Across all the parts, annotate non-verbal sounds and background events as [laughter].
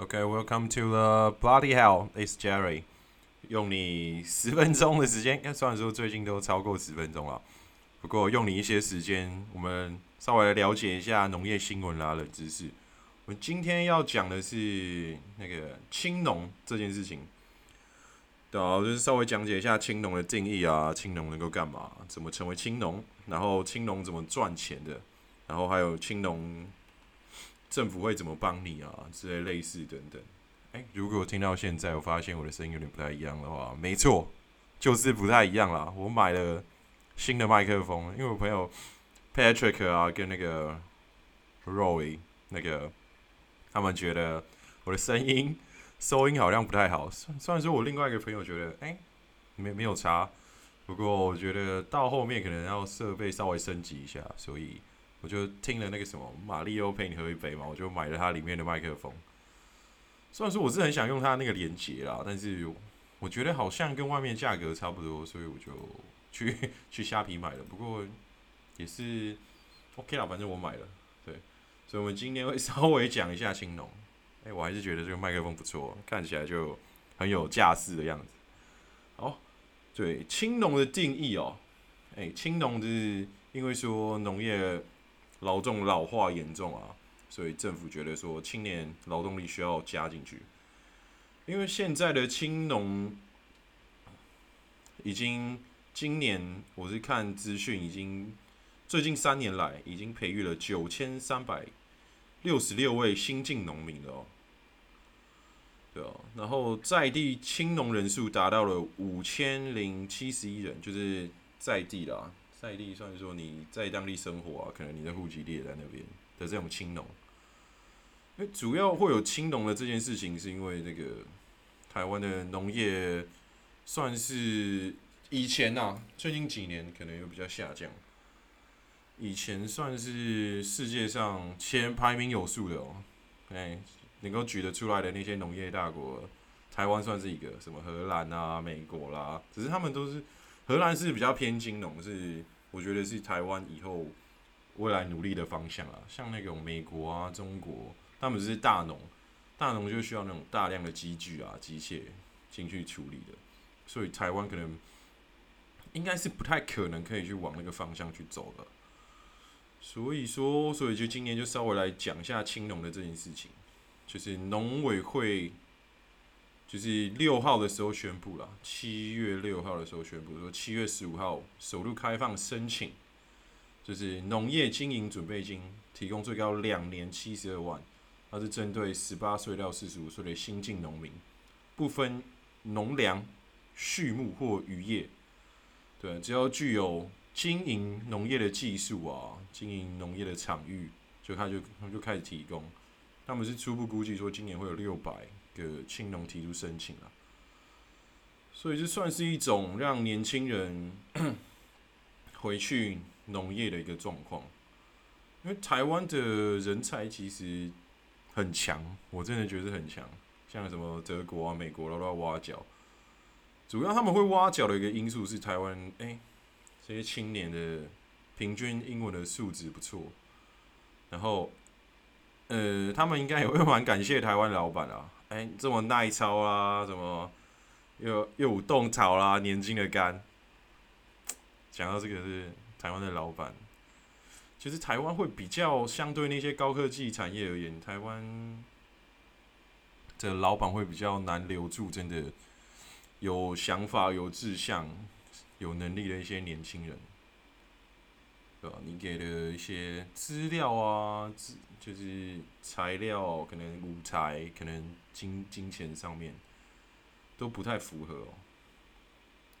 OK，Welcome to the bloody hell. It's Jerry. 用你十分鐘的時間，應該算說，最近都超過十分鐘了，不過用你一些時間，我們稍微了解一下農業新聞啦、冷知識。我們今天要講的是那個青農這件事情。對啊，就是稍微講解一下青農的定義啊，青農能夠幹嘛？怎麼成為青農？然後青農怎麼賺錢的？然後還有青農。政府會怎麼幫你啊？之類類似等等。哎、欸，如果我聽到現在，我發現我的聲音有點不太一樣的話，沒錯，就是不太一樣啦。我買了新的麥克風，因為我朋友 Patrick 啊跟那個 Roy 那個，他們覺得我的聲音收音好像不太好。雖然說我另外一個朋友覺得，哎、欸，沒沒有差。不過我覺得到後面可能要設備稍微升級一下，所以。我就聽了那個什麼《瑪利歐陪你喝一杯》嘛，我就買了它裡面的麥克風。雖然說我是很想用它那個連接啦，但是我覺得好像跟外面價格差不多，所以我就去去蝦皮買了。不過也是 OK 啦，反正我買了。對，所以我們今天會稍微講一下青農。哎、欸，我還是覺得這個麥克風不錯，看起來就很有架勢的樣子。好，對，青農的定義哦、喔，哎、欸，青農就是因為說農業。勞動老化嚴重啊，所以政府覺得說青年勞動力需要加進去，因為現在的青農已經今年我是看資訊已經最近三年來已經培育了九千三百六十六位新進農民了。對啊，然後在地青農人數達到了五千零七十一人，就是在地的啊。在地，算是說你在當地生活啊，可能你的戶籍地也在那邊的這種青農。哎，主要會有青農的這件事情，是因為那、這個台灣的農業算是以前吶、啊，最近幾年可能又比較下降。以前算是世界上前排名有數的、喔，哎、欸，能夠舉得出來的那些農業大國，台灣算是一個什麼荷蘭啊、美國啦，只是他們都是荷蘭是比較偏青農，是。我覺得是台灣以後未來努力的方向啊，像那種美國啊、中國，他們是大農，大農就需要那種大量的機具啊、機械進去處理的，所以台灣可能應該是不太可能可以去往那個方向去走的。所以說，所以就今天就稍微來講一下青農的這件事情，就是農委會。就是六號的時候宣布了，七月六號的時候宣布說，七月十五號首度開放申請，就是農業經營準備金提供最高兩年七十二萬，它是針對十八歲到四十五歲的新進農民，不分農糧、畜牧或漁業，對，只要具有經營農業的技術啊，經營農業的場域，就他就他就開始提供，他們是初步估計說今年會有六百。個青農提出申請了，啊，所以這算是一種讓年輕人 [coughs] 回去農業的一個狀況。因為台灣的人才其實很強，我真的覺得很強。像什麼德國啊、美國了，都要挖角。主要他們會挖角的一個因素是台灣，哎，這些青年的平均英文的素質不錯，然後，呃，他們應該也會蠻感謝台灣老闆啊。哎、欸，這麼耐操啦、啊，怎麼又又有動草啦、啊？年輕的肝，講到這個是台灣的老闆，其、就、實、是、台灣會比較相對那些高科技產業而言，台灣的老闆會比較難留住真的有想法、有志向、有能力的一些年輕人。對吧、啊？你給的一些資料啊，資就是材料，可能物材，可能金金錢上面都不太符合哦。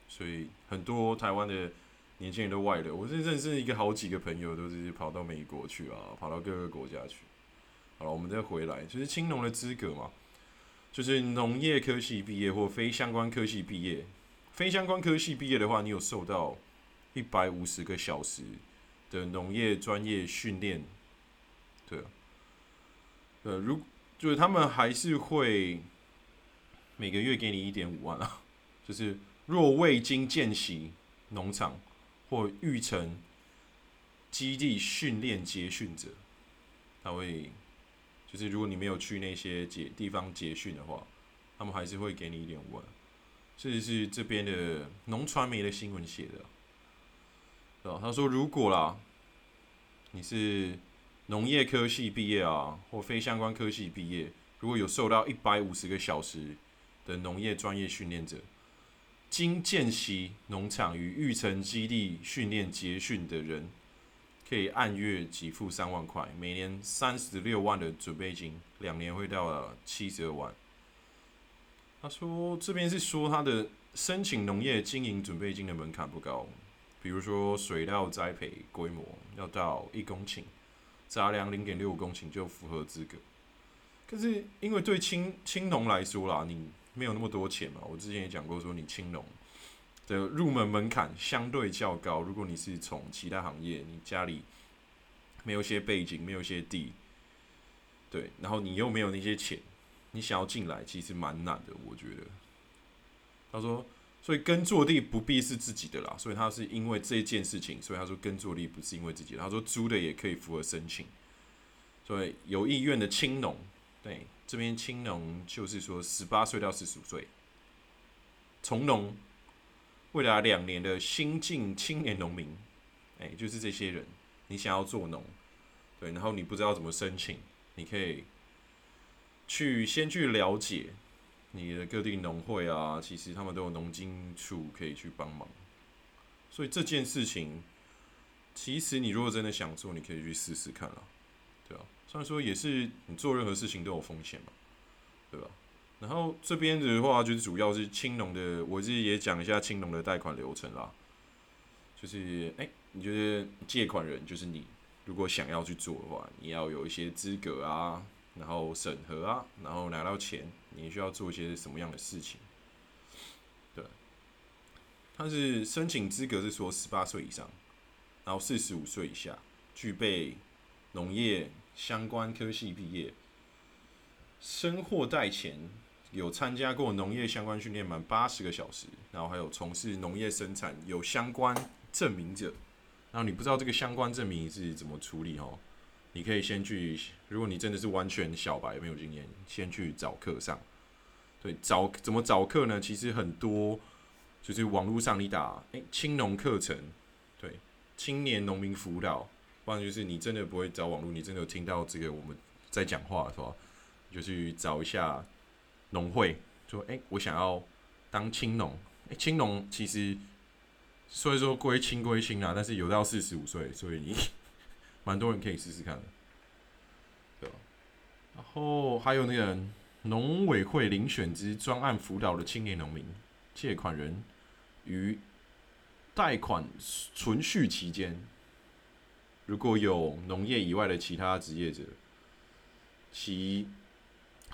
所以很多台灣的年輕人都外流，我是認識一個好幾個朋友，都是跑到美國去啊，跑到各個國家去。好了，我們再回來，就是青農的資格嘛，就是農業科系畢業或非相關科系畢業。非相關科系畢業的話，你有受到一百五十個小時的農業專業訓練，對啊，呃，如就是他們還是會每個月給你一點五萬啊，就是若未經見習農場或育成基地訓練結訓者，他會就是如果你沒有去那些結地方結訓的話，他們還是會給你一點五萬啊，這是是這邊的農傳媒的新聞寫的啊。他說：“如果啦，你是農業科系畢業啊，或非相關科系畢業，如果有受到一百五十個小時的農業專業訓練者，經見習農場與育成基地訓練結訓的人，可以按月給付三萬塊，每年三十六萬的準備金，兩年會到了七十二萬。”他說：“這邊是說他的申請農業經營準備金的門檻不高。”比如說，水稻栽培規模要到一公頃，雜糧零點六五公頃就符合資格。可是，因為對青青農來說啦，你沒有那麼多錢嘛。我之前也講過，說你青農的入門門檻相對較高。如果你是從其他行業，你家裡沒有一些背景，沒有一些地，對，然後你又沒有那些錢，你想要進來，其實蠻難的。我覺得，他說。所以耕作地不必是自己的啦，所以他是因為這件事情，所以他說耕作地不是因為自己的，他說租的也可以符合申請。所以有意願的青農，對，這邊青農就是說十八歲到四十五歲，從農，未來兩年的新進青年農民，哎、欸，就是這些人，你想要做農，對，然後你不知道怎麼申請，你可以去先去了解。你的各地農會啊，其實他們都有農經處可以去幫忙，所以這件事情，其實你如果真的想做，你可以去試試看啦，對啊？雖然說也是你做任何事情都有風險嘛，對吧？然後這邊的話，就是主要是青農的，我自己也講一下青農的貸款流程啦，就是誒，你覺得借款人，就是你，如果想要去做的話，你要有一些資格啊。然後審核啊，然後拿到錢，你需要做一些什麼樣的事情？對，但是申請資格是說十八歲以上，然後四十五歲以下，具備農業相關科系畢業，生或貸前有參加過農業相關訓練滿八十個小時，然後還有從事農業生產有相關證明者，然後你不知道這個相關證明是怎麼處理哦。你可以先去，如果你真的是完全小白，沒有經驗，先去找課上。對，找怎麼找課呢？其實很多就是網絡上你打“誒青農課程”，對，青年農民輔導。不然就是你真的不會找網絡，你真的有聽到這個我們在講話的話，就去找一下農會，說“誒、欸、我想要當青農”欸。誒青農其實雖然說歸青歸青啦，但是有到四十五歲，所以你。 [laughs] 蠻多人可以試試看的，對吧？然後還有那個農委會遴選之專案輔導的青年農民借款人，於貸款存續期間，如果有農業以外的其他職業者，其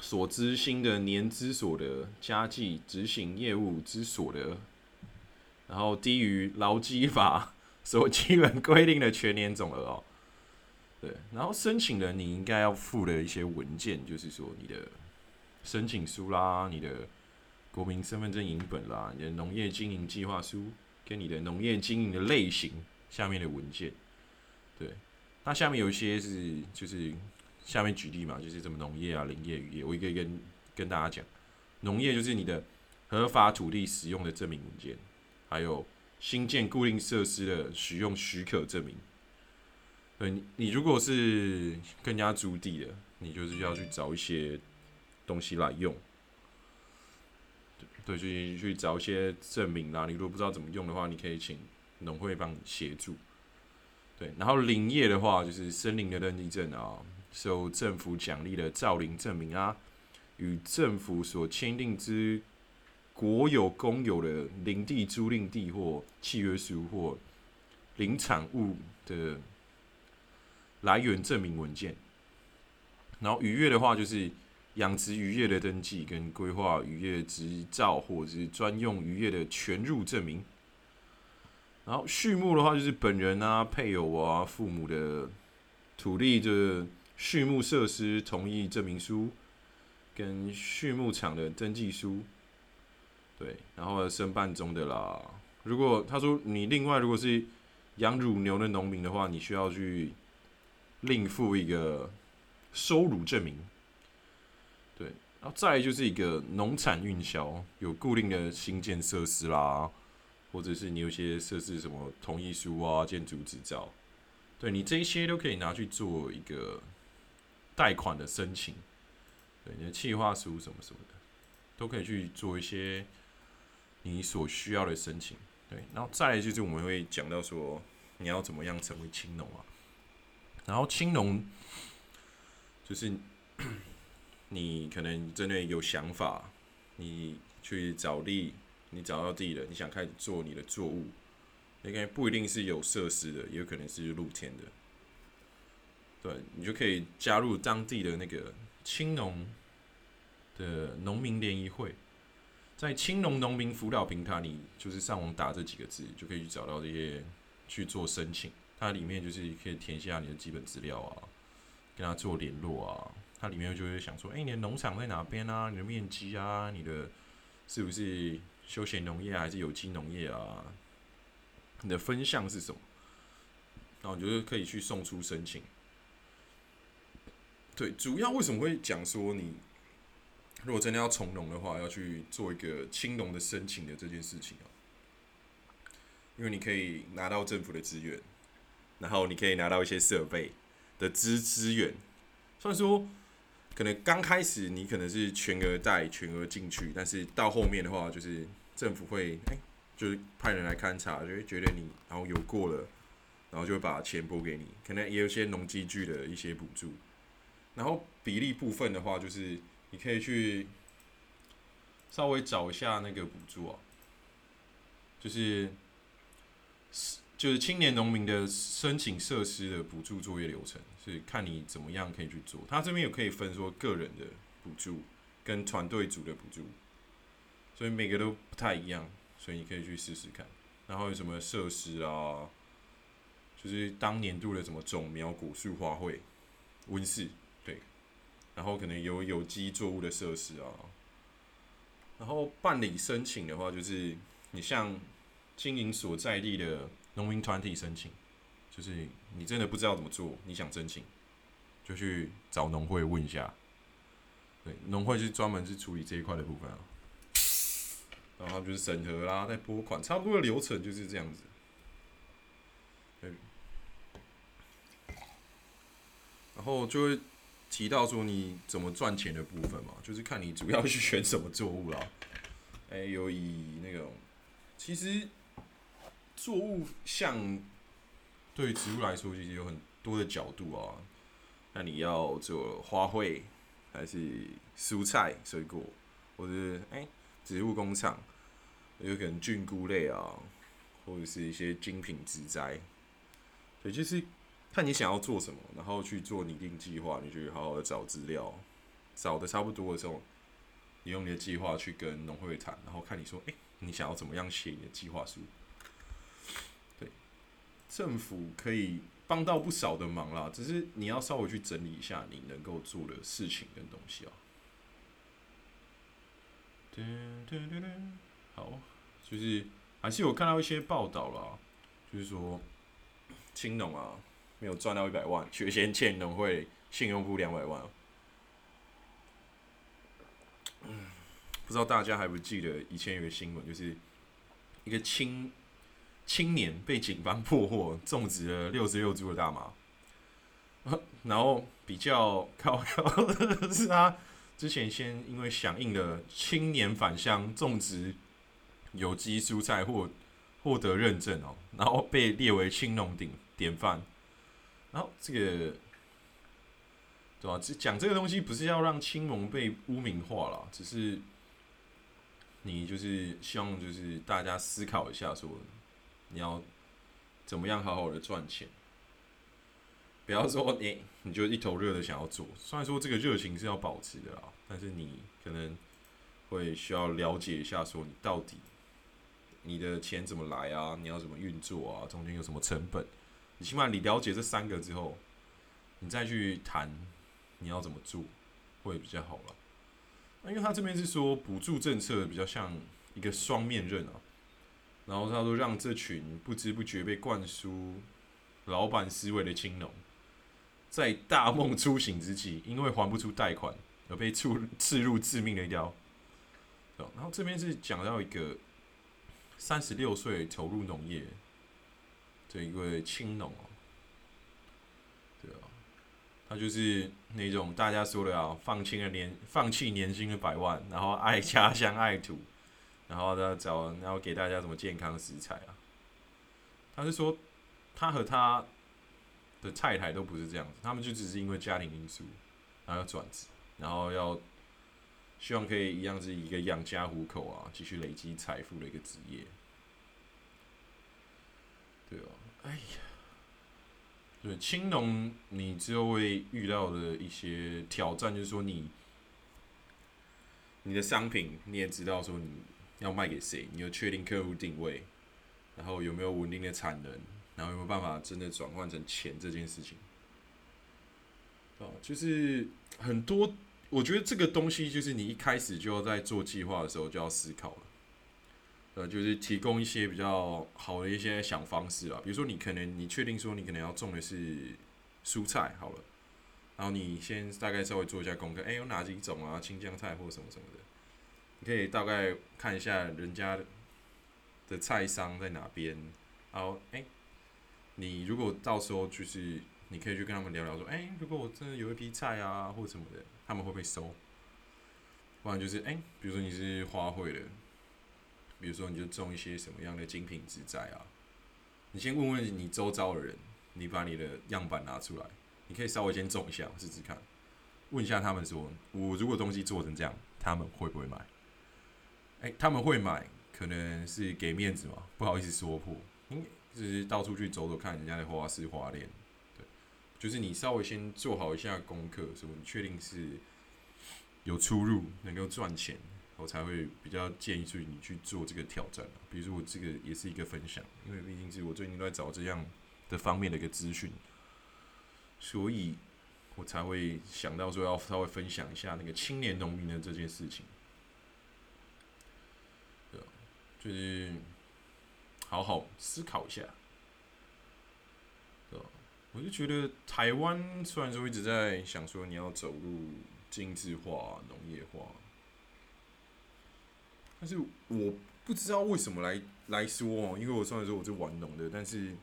所知新的年資所得、加計執行業務之所得，然後低於勞基法所基本規定的全年總額哦。對，然後申請人你應該要附的一些文件，就是說你的申請書啦，你的國民身份證影本啦，你的農業經營計劃書跟你的農業經營的類型下面的文件。對，那下面有一些是，就是下面舉例嘛，就是什麼農業啊、林業、漁業，我也可以跟跟大家講。農業就是你的合法土地使用的證明文件，還有新建固定設施的使用許可證明。對你，你如果是更加租地的，你就是要去找一些東西來用，對，去去找一些證明啦、啊。你如果不知道怎麼用的話，你可以請農會幫你協助。對，然後林業的話，就是森林的登記證啊，受政府獎勵的造林證明啊，與政府所簽訂之國有、公有的林地租賃地或契約書或林產物的。來源證明文件，然後漁業的話就是，養殖漁業的登記跟規劃漁業執照，或者是專用漁業的全入證明。然後畜牧的話就是本人啊、配偶啊、父母的土地的、就是、畜牧設施同意證明書，跟畜牧場的登記書。對，然後申辦中的啦。如果他說你另外如果是養乳牛的農民的話，你需要去。另附一個收入證明，對，然後再來就是一個農產運銷，有固定的新建設施啦，或者是你有些設置什麼同意書啊、建築執照，對，你這一些都可以拿去做一個貸款的申請，對，你的企劃書什麼什麼的，都可以去做一些你所需要的申請，對，然後再來就是我們會講到說你要怎麼樣成為青農啊。然後青農就是你可能真的有想法，你去找地，你找到地了，你想開始做你的作物，應該不一定是有設施的，也有可能是露天的。對，你就可以加入當地的那個青農的農民聯誼會，在青農農民輔導平台，你就是上網打這幾個字，就可以找到這些去做申請。它裡面就是可以填寫你的基本資料啊，跟他做聯絡啊。它裡面就會想說，哎、欸，你的農場在哪邊啊？你的面積啊？你的是不是休閒農業還是有機農業啊？你的分項是什麼？然後你就是可以去送出申請。對，主要為什麼會講說，你如果真的要從農的話，要去做一個青農的申請的這件事情啊，因為你可以拿到政府的資源。然後你可以拿到一些設備的資資源，所以說可能剛開始你可能是全額貸、全額進去，但是到後面的話就是政府會，哎，就是派人來勘察，就會覺得你然後有過了，然後就會把錢撥給你，可能也有些農機具的一些補助。然後比例部分的話，就是你可以去稍微找一下那個補助哦、啊，就是。就是青年農民的申請設施的補助作業流程，是看你怎麼樣可以去做。他這邊有可以分說個人的補助跟團隊組的補助，所以每個都不太一樣，所以你可以去試試看。然後有什麼設施啊？就是當年度的什麼種苗、果樹、花卉、溫室，對。然後可能有有機作物的設施啊。然後辦理申請的話，就是你像經營所在地的。農民團體申請，就是你真的不知道怎麼做，你想申請，就去找農會問一下。對，農會是專門是處理這一塊的部分啊。然後就是審核啦，再撥款，差不多的流程就是這樣子。對，然後就會提到說你怎麼賺錢的部分嘛，就是看你主要是選什麼作物啦。哎、欸，有以那種、個，其實。作物，像對植物來說，其實有很多的角度啊。那你要做花卉，還是蔬菜、水果，或者是哎、欸，植物工廠？有可能菌菇類啊，或者是一些精品植栽。所以就是看你想要做什麼，然後去做擬定計劃。你去好好找資料，找的差不多的時候，你用你的計劃去跟農會談，然後看你說，哎、欸，你想要怎麼樣寫你的計劃書？政府可以幫到不少的忙啦，只是你要稍微去整理一下你能夠做的事情跟東西哦、啊。好，就是還是有看到一些報道啦，就是說青農啊沒有賺到一百萬，卻先欠農會信用部兩百萬、啊。嗯，不知道大家還不記得以前有個新聞，就是一個青。青年被警方破獲，種植了六十六株的大麻。然後比較靠靠的是，他之前先因為響應的青年返鄉種植有機蔬菜獲獲得認證哦、喔，然後被列為青農典典範。然後這個對吧、啊？講這個東西不是要讓青農被污名化了，只是你就是希望就是大家思考一下說。你要怎麼樣好好的賺錢？不要說你你就一頭熱的想要做，雖然說這個熱情是要保持的啊，但是你可能會需要了解一下，說你到底你的錢怎麼來啊，你要怎麼運作啊，中間有什麼成本？你起碼你了解這三個之後，你再去談你要怎麼做會比較好了。因為他這邊是說補助政策比較像一個雙面刃啊。然後他說：“讓這群不知不覺被灌輸老板思維的青農，在大夢初醒之際，因為還不出貸款而被刺刺入致命的一刀。”然後這邊是講到一個三十六歲投入農業這一位青農哦，對啊，他就是那種大家說的啊，放棄了年放棄年薪的百萬，然後愛家鄉愛土。然後他找，然後給大家什麼健康的食材啊？他是說，他和他的太太都不是這樣子，他們就只是因為家庭因素，然後要轉職，然後要希望可以一樣是一個養家糊口啊，繼續累積財富的一個職業。對哦、啊，哎呀，對青農，你就會遇到的一些挑戰，就是說你你的商品，你也知道說你。要賣給誰？你要確定客戶定位，然後有沒有穩定的產能，然後有沒有辦法真的轉換成錢這件事情。啊，就是很多，我覺得這個東西就是你一開始就要在做計劃的時候就要思考了。呃，就是提供一些比較好的一些想方式啊，比如說你可能你確定說你可能要種的是蔬菜好了，然後你先大概稍微做一下功課，哎、欸，有哪幾種啊？青江菜或什麼什麼的。你可以大概看一下人家的菜商在哪邊。然後、欸、誒，你如果到時候就是，你可以去跟他們聊聊，說，誒、欸，如果我真的有一批菜啊，或什麼的，他們會不會收？不然就是，誒、欸，比如說你是花卉的，比如說你就種一些什麼樣的精品植栽啊？你先問問你周遭的人，你把你的樣板拿出來，你可以稍微先種一下，試試看，問一下他們說，我如果東西做成這樣，他們會不會買？哎、欸，他們會買，可能是給面子嘛，不好意思說破。嗯、就是到處去走走看人家的花式花鏈，對，就是你稍微先做好一下功課，什麼？你確定是有出入，能夠賺錢，我才會比較建議去你去做這個挑戰。比如說，我這個也是一個分享，因為畢竟是我最近都在找這樣的方面的一個資訊，所以我才會想到說要稍微分享一下那個青年農民的這件事情。最近好好思考一下，我就覺得台灣雖然說一直在想說你要走入精致化、農業化，但是我不知道為什麼來來說，因為我雖然說我是玩農的，但是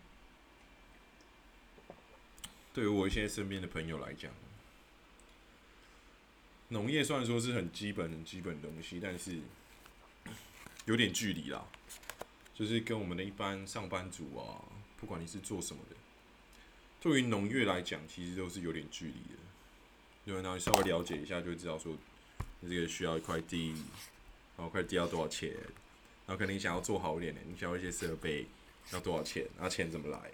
對於我現在身邊的朋友來講，農業雖然說是很基本、很基本的東西，但是。有點距離啦，就是跟我們的一般上班族啊，不管你是做什麼的，對於農業來講，其實都是有點距離的。因為呢，然後你稍微了解一下，就會知道說，你這個需要一塊地，然後一塊地要多少錢，然後可能你想要做好一點的、欸，你想要一些設備，要多少錢，那錢怎麼來？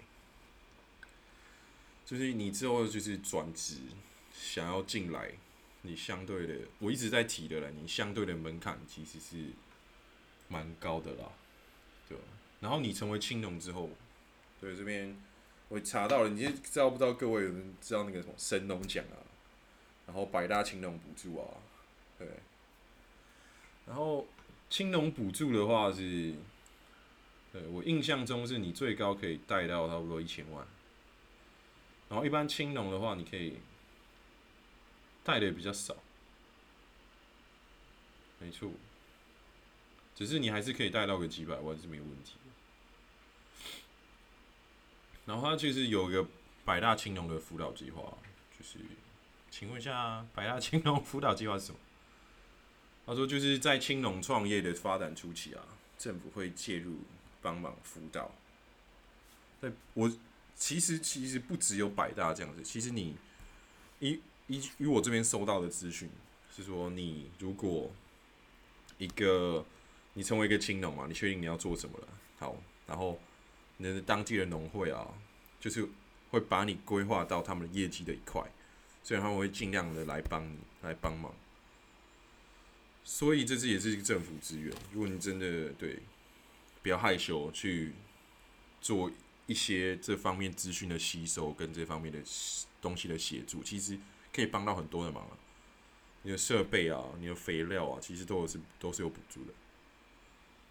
就是你之後就是轉職想要進來，你相對的，我一直在提的了，你相對的門檻其實是。蠻高的啦，對，然後你成為青農之後，對，這邊我查到了，你知道不知道各位有，有知道那個什麼神農獎啊，然後百大青農補助啊，對。然後青農補助的話是，對，我印象中是你最高可以貸到差不多一千萬，然後一般青農的話你可以貸的也比較少，沒錯。只是你還是可以貸到個幾百萬是沒問題。然後他就是有個百大青農的輔導計劃，就是請問一下百大青農輔導計劃是什麼？他說就是在青農創業的發展初期啊，政府會介入幫忙輔導。在我其實其實不只有百大這樣子，其實你依依據我這邊收到的資訊是說，你如果一個你成為一個青農嘛，你確定你要做什麼了？好，然後你的當地的農會啊，就是會把你規劃到他們的業績的一塊，所以他們會盡量的來幫你來幫忙。所以這次也是一個政府資源。如果你真的對，不要害羞去做一些這方面資訊的吸收跟這方面的東西的協助，其實可以幫到很多的忙啊。你的設備啊，你的肥料啊，其實都是都是有補助的。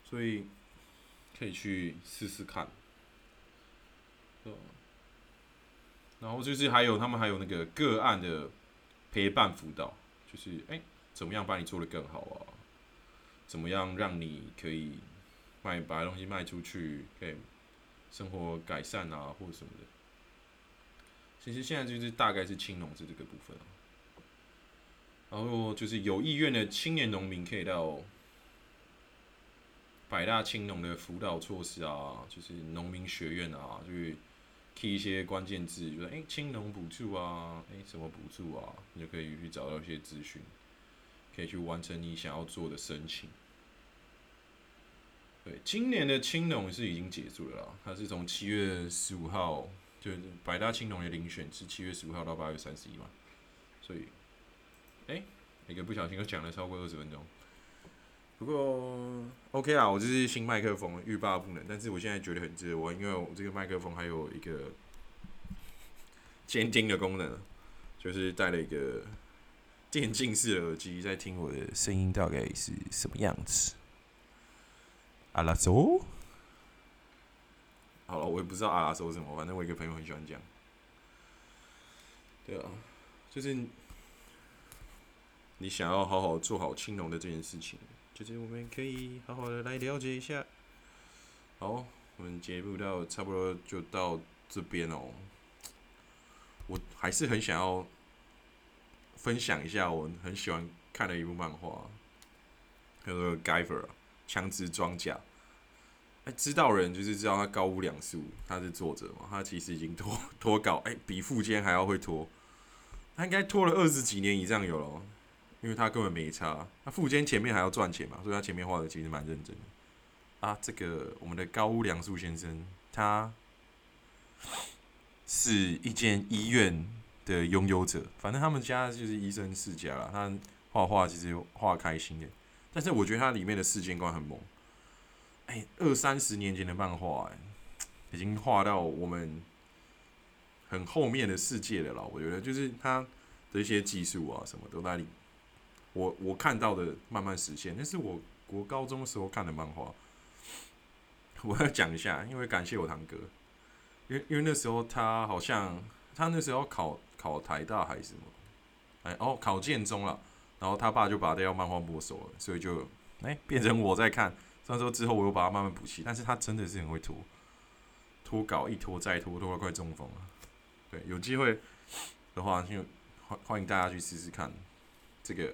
所以可以去試試看，然後就是還有他們還有那個個案的陪伴輔導，就是哎、欸、怎麼樣把你做得更好啊？怎麼樣讓你可以賣把東西賣出去，可以生活改善啊，或者什麼的。其實現在就是大概是青農是這個部分啊，然後就是有意願的青年農民可以到。百大青農的輔導措施啊，就是農民學院啊，就去提一些關鍵字，就說“哎、欸，青農補助啊，哎、欸，什麼補助啊”，你就可以去找到一些資訊，可以去完成你想要做的申請。對，今年的青農是已經結束了啦，它是從七月十五號，就是百大青農的遴選是七月十五號到八月三十一嘛，所以，哎、欸，一個不小心又講了超過二十分鐘。不過，OK 啊，我這是新麥克風，欲罷不能。但是我現在覺得很自我，因為我這個麥克風還有一個監聽的功能，就是帶了一個電競式的耳機，在聽我的聲音大概是什麼樣子。阿拉蘇，好了，我也不知道阿拉說什麼，反正我一個朋友很喜歡講。對啊，就是你想要好好做好青農的這件事情。其實我們可以好好的來了解一下。好，我們節目到差不多就到這邊哦。我還是很想要分享一下我很喜歡看的一部漫畫，叫做《Guyver》強殖裝甲。哎，知道人就是知道他高屋良樹，他是作者嘛？他其實已經拖拖稿，哎，比富堅還要會拖。他應該拖了二十幾年以上有咯。因為他根本沒差，他副監前面還要賺錢嘛，所以他前面畫的其實蠻認真的啊。這個我們的高屋良樹先生，他是一間醫院的擁有者，反正他們家就是醫生世家了。他畫畫其實畫開心的，但是我覺得他裡面的世界觀很猛。哎，二三十年前的漫畫哎、欸，已經畫到我們很後面的世界的了啦。我覺得就是他的一些技術啊，什麼都在裡面。我我看到的慢慢實現，那是我國高中的時候看的漫畫。我要講一下，因為感謝我堂哥，因為因為那時候他好像他那時候考考台大還是什麼，哎、欸、哦，考建中了，然後他爸就把他丟漫畫沒收了，所以就哎、欸，變成我在看。上周之後我又把他慢慢補齊，但是他真的是很會拖，拖稿一拖再拖，拖到快中風了、啊。對，有機會的話就，就歡歡迎大家去試試看這個。